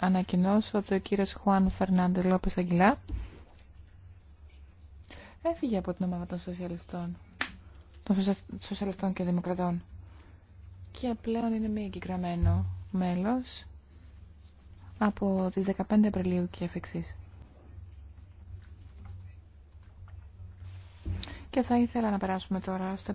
να ανακοινώσω ότι ο κύριος Χουάν Φερνάντε Λόπες Αγγιλά έφυγε από την ομάδα των σοσιαλιστών, των σοσιαλιστών και δημοκρατών και πλέον είναι μη εγκυγραμμένο μέλος από τις 15 Απριλίου και εφεξής. Και θα ήθελα να περάσουμε τώρα στο